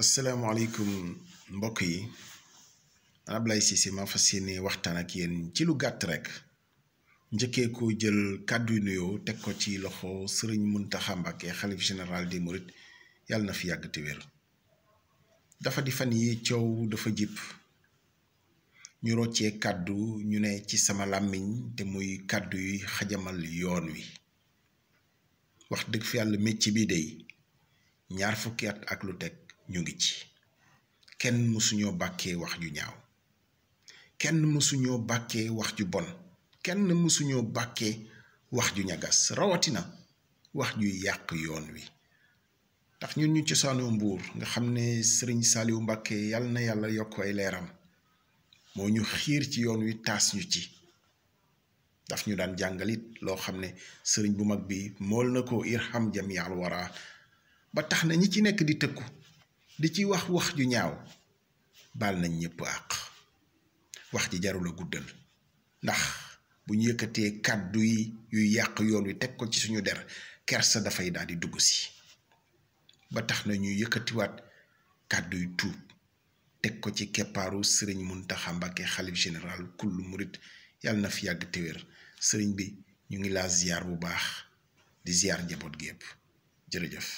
asalaamaaleykum mbokk yi Ablaye Cissé ma fas yéene waxtaan ak yéen ci lu gàtt rekk njëkkee ko jël kàddu nuyoo teg ko ci loxo sëriñ Muntaxa Mbàkke xalif général des mourides yàlla na fi yàgg te dafa di fan yi coow dafa jip ñu roccee kàddu ñu ne ci sama làmmiñ te muy kàddu yuy xajamal yoon wi wax dëgg fi yàlla métier bi day ñaar fukki at ak lu teg ñu ngi ci kenn mësuñoo bàkkee wax ju ñaaw kenn mësuñoo bàkkee wax ju bon kenn mësuñoo bàkkee wax ju ñagas rawatina wax ju yàq yoon wi ndax ñun ñu cosaanoo mbuur nga xam ne sëriñ Saaliw Mbàkke yàlla na yàlla yokk ay leeram moo ñu xiir ci yoon wi taas ñu ci daf ñu daan jàngalit loo xam ne sëriñ bu mag bi mool na ko irham jamial wara ba tax na ñi ci nekk di tëkku li ci wax wax ju ñaaw baal nañ ñëpp àq wax ji jarul a guddal ndax bu ñu yëkkatee kàddu yi yuy yàq yoon wi teg ko ci suñu der kersa dafay daal di dugg si ba tax na ñuy yëkkatiwaat kàddu yu tuub teg ko ci keppaaru sëriñ Muntaxa Mbàkke xalif général kullu murit yàlla na fi yàgg téwér sëriñ bi ñu ngi laa ziyaar bu baax di ziyaar njaboot gi yëpp jërëjëf